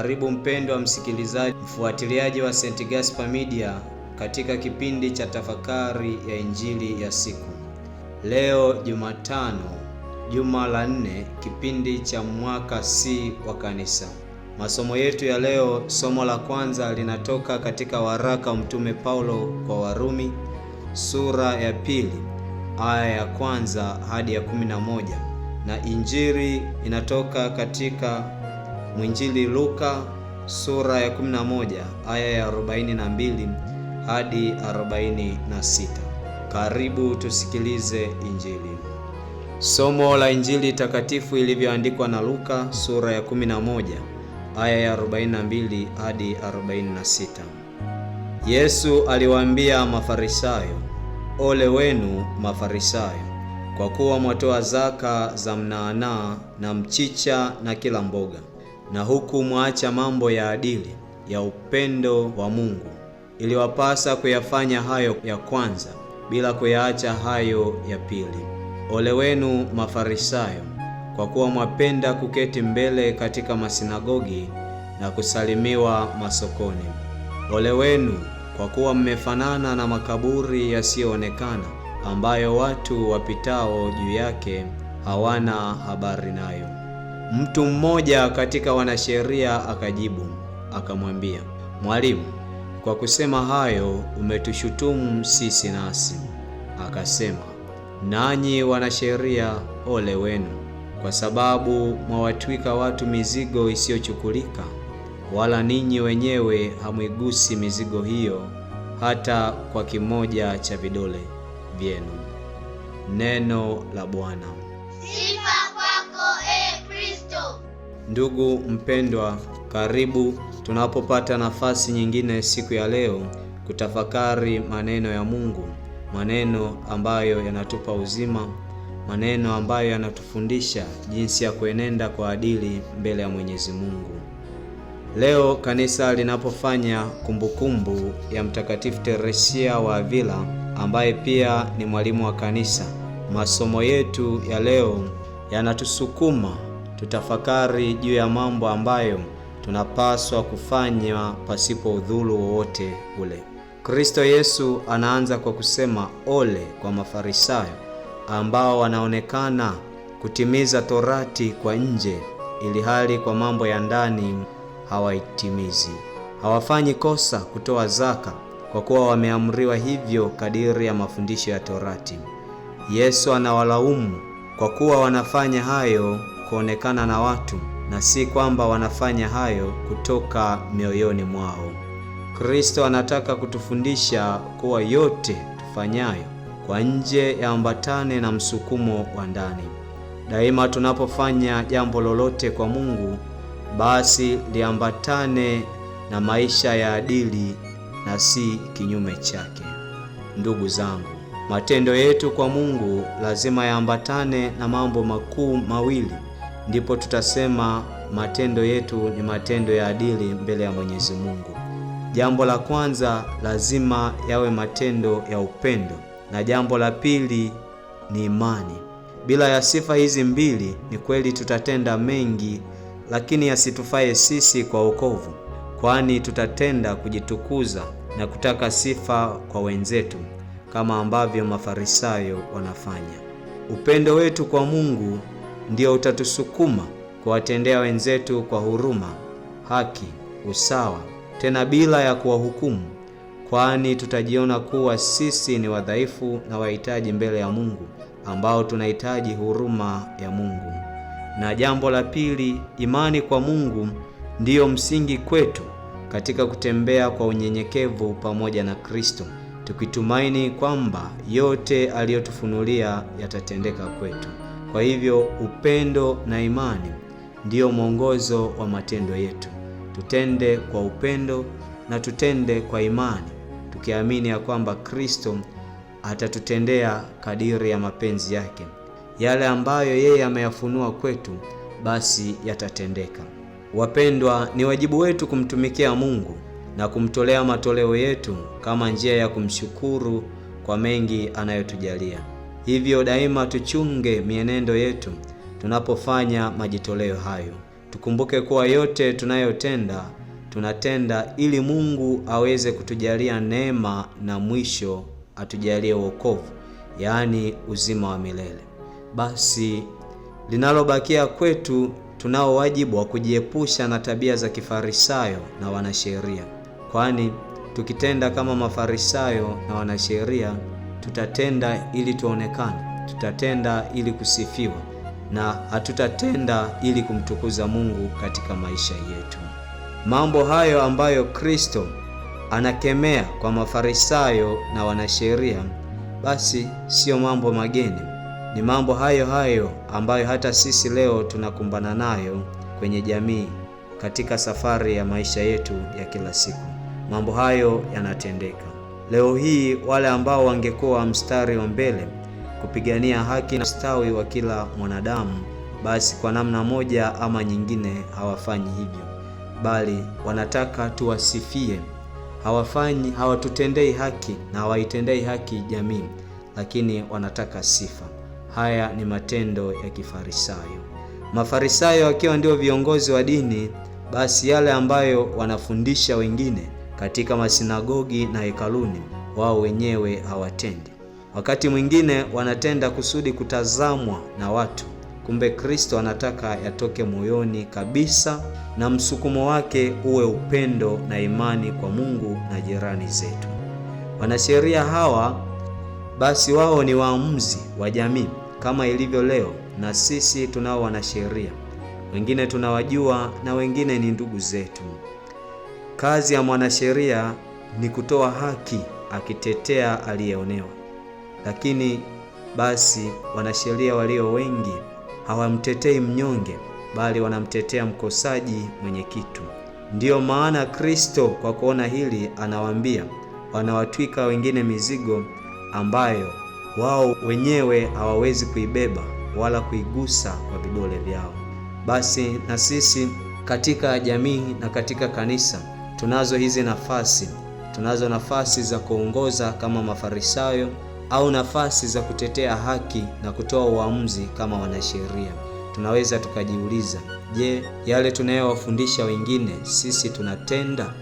Karibu mpendwa msikilizaji, mfuatiliaji wa St. Gaspar Media katika kipindi cha tafakari ya injili ya siku. Leo Jumatano, juma la nne, kipindi cha mwaka C wa kanisa. Masomo yetu ya leo, somo la kwanza linatoka katika waraka wa Mtume Paulo kwa Warumi sura ya pili aya ya kwanza hadi ya kumi na moja na injili inatoka katika Mwinjili Luka sura ya 11 aya ya 42 hadi 46. Karibu tusikilize Injili. Somo la Injili takatifu ilivyoandikwa na Luka sura ya 11 aya ya 42 hadi 46. Yesu aliwaambia Mafarisayo, ole wenu Mafarisayo, kwa kuwa mwatoa zaka za mnaanaa na mchicha na kila mboga na huku mwaacha mambo ya adili ya upendo wa Mungu, iliwapasa kuyafanya hayo ya kwanza bila kuyaacha hayo ya pili. Ole wenu Mafarisayo, kwa kuwa mwapenda kuketi mbele katika masinagogi na kusalimiwa masokoni. Ole wenu kwa kuwa mmefanana na makaburi yasiyoonekana, ambayo watu wapitao juu yake hawana habari nayo. Mtu mmoja katika wanasheria akajibu akamwambia, Mwalimu, kwa kusema hayo umetushutumu sisi nasi. Akasema, nanyi wanasheria ole wenu, kwa sababu mwawatwika watu mizigo isiyochukulika, wala ninyi wenyewe hamwigusi mizigo hiyo hata kwa kimoja cha vidole vyenu. Neno la Bwana. Sifa Ndugu mpendwa, karibu tunapopata nafasi nyingine siku ya leo kutafakari maneno ya Mungu, maneno ambayo yanatupa uzima, maneno ambayo yanatufundisha jinsi ya kuenenda kwa adili mbele ya Mwenyezi Mungu. Leo kanisa linapofanya kumbukumbu ya Mtakatifu Teresia wa Avila ambaye pia ni mwalimu wa kanisa, masomo yetu ya leo yanatusukuma tutafakari juu ya mambo ambayo tunapaswa kufanya pasipo udhuru wowote ule. Kristo Yesu anaanza kwa kusema ole kwa Mafarisayo ambao wanaonekana kutimiza torati kwa nje, ili hali kwa mambo ya ndani hawaitimizi. Hawafanyi kosa kutoa zaka kwa kuwa wameamriwa hivyo kadiri ya mafundisho ya torati. Yesu anawalaumu kwa kuwa wanafanya hayo kuonekana na watu na si kwamba wanafanya hayo kutoka mioyoni mwao. Kristo anataka kutufundisha kuwa yote tufanyayo kwa nje yaambatane na msukumo wa ndani. Daima tunapofanya jambo lolote kwa Mungu, basi liambatane na maisha ya adili na si kinyume chake. Ndugu zangu, matendo yetu kwa Mungu lazima yaambatane na mambo makuu mawili ndipo tutasema matendo yetu ni matendo ya adili mbele ya Mwenyezi Mungu. Jambo la kwanza lazima yawe matendo ya upendo, na jambo la pili ni imani. Bila ya sifa hizi mbili, ni kweli tutatenda mengi, lakini yasitufaye sisi kwa wokovu, kwani tutatenda kujitukuza na kutaka sifa kwa wenzetu kama ambavyo Mafarisayo wanafanya. Upendo wetu kwa Mungu ndio utatusukuma kuwatendea wenzetu kwa huruma, haki, usawa, tena bila ya kuwahukumu, kwani tutajiona kuwa sisi ni wadhaifu na wahitaji mbele ya Mungu, ambao tunahitaji huruma ya Mungu. Na jambo la pili, imani kwa Mungu ndiyo msingi kwetu katika kutembea kwa unyenyekevu pamoja na Kristo, tukitumaini kwamba yote aliyotufunulia yatatendeka kwetu. Kwa hivyo upendo na imani ndiyo mwongozo wa matendo yetu. Tutende kwa upendo na tutende kwa imani, tukiamini ya kwamba Kristo atatutendea kadiri ya mapenzi yake. Yale ambayo yeye ameyafunua kwetu, basi yatatendeka. Wapendwa, ni wajibu wetu kumtumikia Mungu na kumtolea matoleo yetu kama njia ya kumshukuru kwa mengi anayotujalia. Hivyo daima tuchunge mienendo yetu tunapofanya majitoleo hayo. Tukumbuke kuwa yote tunayotenda tunatenda ili Mungu aweze kutujalia neema na mwisho atujalie wokovu, yaani uzima wa milele. Basi linalobakia kwetu, tunao wajibu wa kujiepusha na tabia za kifarisayo na wanasheria, kwani tukitenda kama mafarisayo na wanasheria tutatenda ili tuonekane, tutatenda ili kusifiwa na hatutatenda ili kumtukuza Mungu katika maisha yetu. Mambo hayo ambayo Kristo anakemea kwa Mafarisayo na wanasheria, basi siyo mambo mageni, ni mambo hayo hayo ambayo hata sisi leo tunakumbana nayo kwenye jamii, katika safari ya maisha yetu ya kila siku. Mambo hayo yanatendeka. Leo hii wale ambao wangekuwa mstari wa mbele kupigania haki na ustawi wa kila mwanadamu, basi kwa namna moja ama nyingine hawafanyi hivyo, bali wanataka tuwasifie. Hawafanyi, hawatutendei haki na hawaitendei haki jamii, lakini wanataka sifa. Haya ni matendo ya kifarisayo. Mafarisayo wakiwa ndio viongozi wa dini, basi yale ambayo wanafundisha wengine katika masinagogi na hekaluni, wao wenyewe hawatendi. Wakati mwingine wanatenda kusudi kutazamwa na watu, kumbe Kristo anataka yatoke moyoni kabisa, na msukumo wake uwe upendo na imani kwa Mungu na jirani zetu. Wanasheria hawa basi wao ni waamuzi wa jamii kama ilivyo leo, na sisi tunao wanasheria, wengine tunawajua na wengine ni ndugu zetu. Kazi ya mwanasheria ni kutoa haki akitetea aliyeonewa, lakini basi wanasheria walio wengi hawamtetei mnyonge, bali wanamtetea mkosaji mwenye kitu. Ndiyo maana Kristo kwa kuona hili anawaambia wanawatwika wengine mizigo ambayo wao wenyewe hawawezi kuibeba wala kuigusa kwa vidole vyao. Basi na sisi katika jamii na katika kanisa Tunazo hizi nafasi, tunazo nafasi za kuongoza kama Mafarisayo au nafasi za kutetea haki na kutoa uamuzi kama wanasheria. Tunaweza tukajiuliza, je, yale tunayowafundisha wengine sisi tunatenda?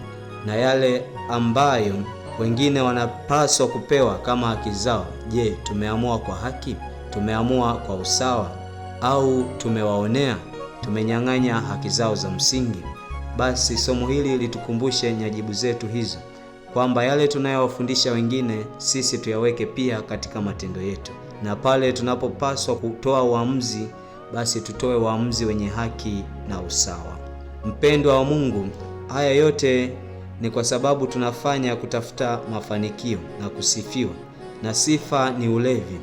Na yale ambayo wengine wanapaswa kupewa kama haki zao, je, tumeamua kwa haki? Tumeamua kwa usawa au tumewaonea, tumenyang'anya haki zao za msingi? Basi somo hili litukumbushe nyajibu zetu hizo, kwamba yale tunayowafundisha wengine sisi tuyaweke pia katika matendo yetu, na pale tunapopaswa kutoa uamuzi, basi tutoe uamuzi wenye haki na usawa. Mpendwa wa Mungu, haya yote ni kwa sababu tunafanya kutafuta mafanikio na kusifiwa, na sifa ni ulevi.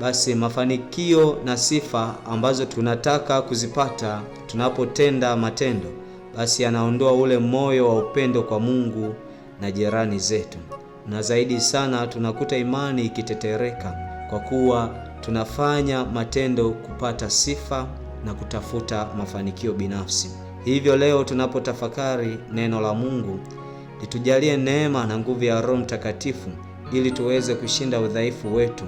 Basi mafanikio na sifa ambazo tunataka kuzipata tunapotenda matendo basi anaondoa ule moyo wa upendo kwa Mungu na jirani zetu, na zaidi sana tunakuta imani ikitetereka kwa kuwa tunafanya matendo kupata sifa na kutafuta mafanikio binafsi. Hivyo leo tunapotafakari neno la Mungu, litujalie neema na nguvu ya Roho Mtakatifu ili tuweze kushinda udhaifu wetu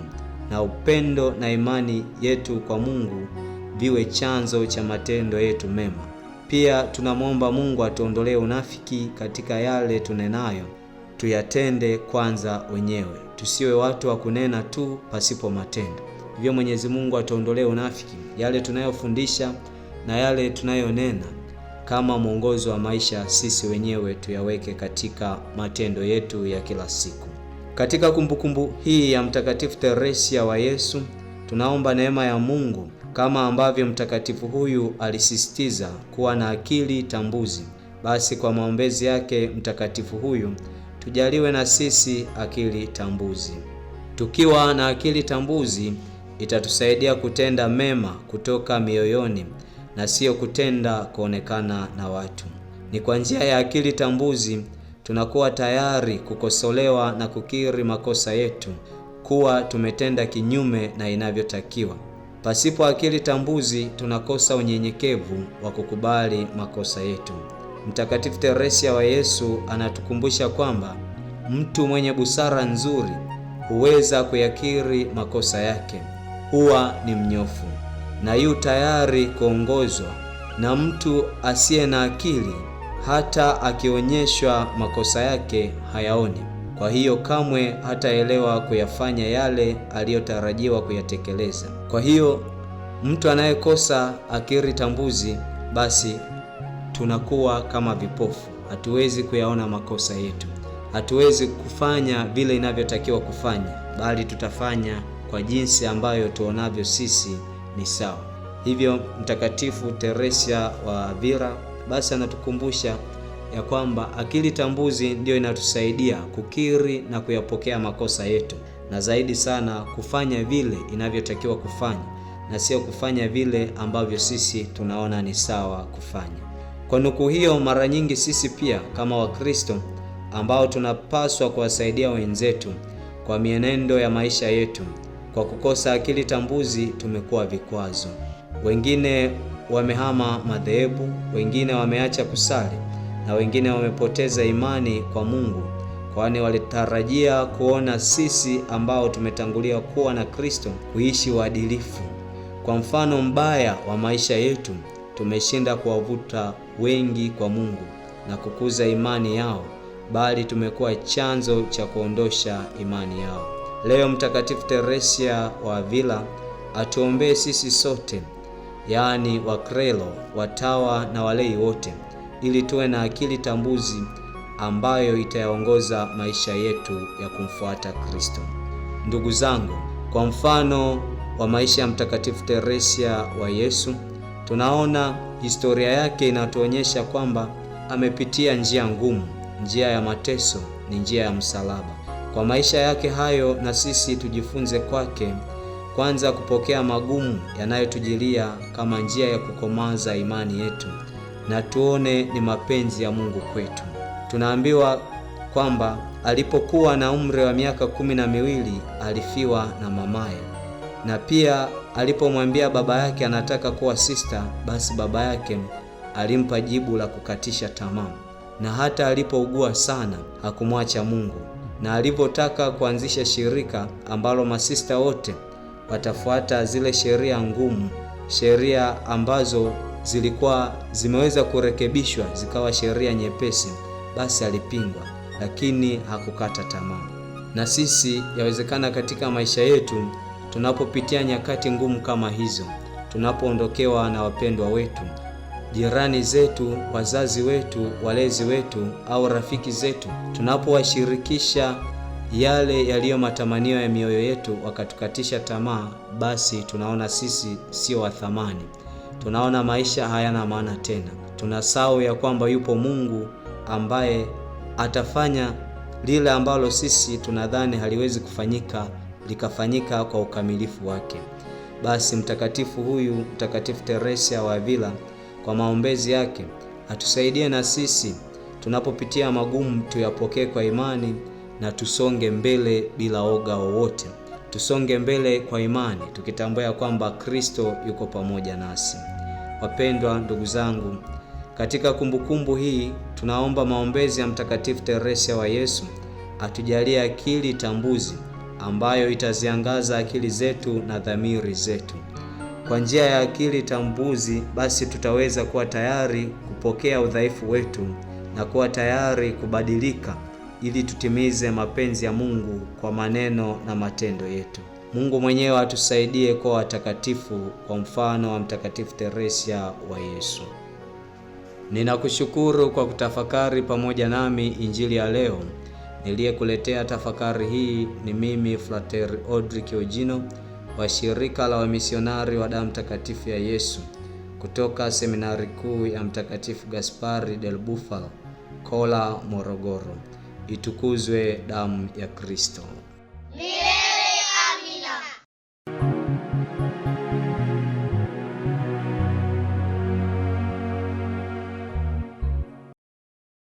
na upendo na imani yetu kwa Mungu viwe chanzo cha matendo yetu mema. Pia tunamwomba Mungu atuondolee unafiki katika yale tunenayo, tuyatende kwanza wenyewe, tusiwe watu wa kunena tu pasipo matendo. Hivyo Mwenyezi Mungu atuondolee unafiki, yale tunayofundisha na yale tunayonena kama mwongozo wa maisha, sisi wenyewe tuyaweke katika matendo yetu ya kila siku. Katika kumbukumbu hii ya Mtakatifu Teresia wa Yesu, tunaomba neema ya Mungu kama ambavyo mtakatifu huyu alisisitiza kuwa na akili tambuzi, basi kwa maombezi yake mtakatifu huyu tujaliwe na sisi akili tambuzi. Tukiwa na akili tambuzi, itatusaidia kutenda mema kutoka mioyoni na siyo kutenda kuonekana na watu. Ni kwa njia ya akili tambuzi tunakuwa tayari kukosolewa na kukiri makosa yetu kuwa tumetenda kinyume na inavyotakiwa. Pasipo akili tambuzi tunakosa unyenyekevu wa kukubali makosa yetu. Mtakatifu Teresia wa Yesu anatukumbusha kwamba mtu mwenye busara nzuri huweza kuyakiri makosa yake, huwa ni mnyofu na yu tayari kuongozwa, na mtu asiye na akili hata akionyeshwa makosa yake hayaoni. Kwa hiyo kamwe hataelewa kuyafanya yale aliyotarajiwa kuyatekeleza. Kwa hiyo mtu anayekosa akili tambuzi, basi tunakuwa kama vipofu, hatuwezi kuyaona makosa yetu, hatuwezi kufanya vile inavyotakiwa kufanya, bali tutafanya kwa jinsi ambayo tuonavyo sisi ni sawa. Hivyo Mtakatifu Teresia wa Avila basi anatukumbusha ya kwamba akili tambuzi ndiyo inatusaidia kukiri na kuyapokea makosa yetu na zaidi sana kufanya vile inavyotakiwa kufanya na sio kufanya vile ambavyo sisi tunaona ni sawa kufanya. Kwa nukuu hiyo, mara nyingi sisi pia kama Wakristo ambao tunapaswa kuwasaidia wenzetu kwa mienendo ya maisha yetu, kwa kukosa akili tambuzi tumekuwa vikwazo. Wengine wamehama madhehebu, wengine wameacha kusali na wengine wamepoteza imani kwa Mungu kwani walitarajia kuona sisi ambao tumetangulia kuwa na Kristo kuishi uadilifu. Kwa mfano mbaya wa maisha yetu tumeshinda kuwavuta wengi kwa Mungu na kukuza imani yao, bali tumekuwa chanzo cha kuondosha imani yao. Leo Mtakatifu Teresia wa Avila atuombee sisi sote, yaani Wakrelo, watawa na walei wote, ili tuwe na akili tambuzi ambayo itayaongoza maisha yetu ya kumfuata Kristo. Ndugu zangu, kwa mfano wa maisha ya Mtakatifu Teresia wa Yesu, tunaona historia yake inatuonyesha kwamba amepitia njia ngumu, njia ya mateso, ni njia ya msalaba. Kwa maisha yake hayo, na sisi tujifunze kwake kwanza kupokea magumu yanayotujilia kama njia ya kukomaza imani yetu, na tuone ni mapenzi ya Mungu kwetu tunaambiwa kwamba alipokuwa na umri wa miaka kumi na miwili alifiwa na mamaye, na pia alipomwambia baba yake anataka kuwa sista, basi baba yake alimpa jibu la kukatisha tamaa, na hata alipougua sana hakumwacha Mungu, na alipotaka kuanzisha shirika ambalo masista wote watafuata zile sheria ngumu, sheria ambazo zilikuwa zimeweza kurekebishwa zikawa sheria nyepesi basi alipingwa, lakini hakukata tamaa. Na sisi yawezekana katika maisha yetu tunapopitia nyakati ngumu kama hizo, tunapoondokewa na wapendwa wetu, jirani zetu, wazazi wetu, walezi wetu au rafiki zetu, tunapowashirikisha yale yaliyo matamanio ya mioyo yetu wakatukatisha tamaa, basi tunaona sisi sio wa thamani, tunaona maisha hayana maana tena, tunasahau ya kwamba yupo Mungu ambaye atafanya lile ambalo sisi tunadhani haliwezi kufanyika likafanyika kwa ukamilifu wake. Basi mtakatifu huyu, Mtakatifu Teresia wa Avila, kwa maombezi yake atusaidie na sisi tunapopitia magumu tuyapokee kwa imani na tusonge mbele bila oga wowote. Tusonge mbele kwa imani tukitambua kwamba Kristo yuko pamoja nasi. Wapendwa ndugu zangu, katika kumbukumbu hii tunaomba maombezi ya Mtakatifu Teresia wa Yesu atujalie akili tambuzi ambayo itaziangaza akili zetu na dhamiri zetu. Kwa njia ya akili tambuzi, basi tutaweza kuwa tayari kupokea udhaifu wetu na kuwa tayari kubadilika ili tutimize mapenzi ya Mungu kwa maneno na matendo yetu. Mungu mwenyewe atusaidie kuwa watakatifu kwa mfano wa Mtakatifu Teresia wa Yesu. Ninakushukuru kwa kutafakari pamoja nami injili ya leo. Niliyekuletea tafakari hii ni mimi Frater Odrick Ogino wa shirika la wamisionari wa damu takatifu ya Yesu kutoka seminari kuu ya Mtakatifu Gaspari del Bufalo, Kola, Morogoro. Itukuzwe damu ya Kristo!